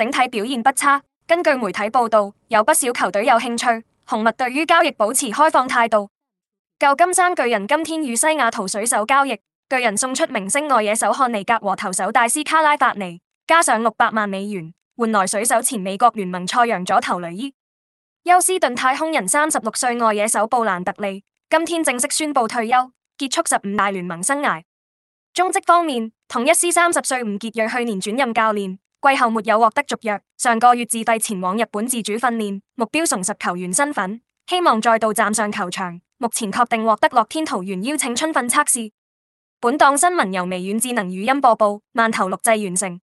整體表現不差。根據媒體報道，有不少球隊有興趣，紅襪對於交易保持開放態度。舊金山巨人今天與西雅圖水手交易，巨人送出明星外野手漢尼格和投手戴斯卡拉法尼，加上六百萬美元，換來水手前美國聯盟賽揚左投雷伊。休斯頓太空人三十六歲外野手布蘭特利今天正式宣布退休，結束十五大聯盟生涯。中職方面，同一師三十歲吳杰睿去年轉任教練。季後沒有獲得續約，上個月自費前往日本自主訓練，目標重拾球員身份，希望再度站上球場。目前確定獲得樂天桃猿邀請春訓測試。本檔新聞由微軟智能語音播報，慢投錄製完成。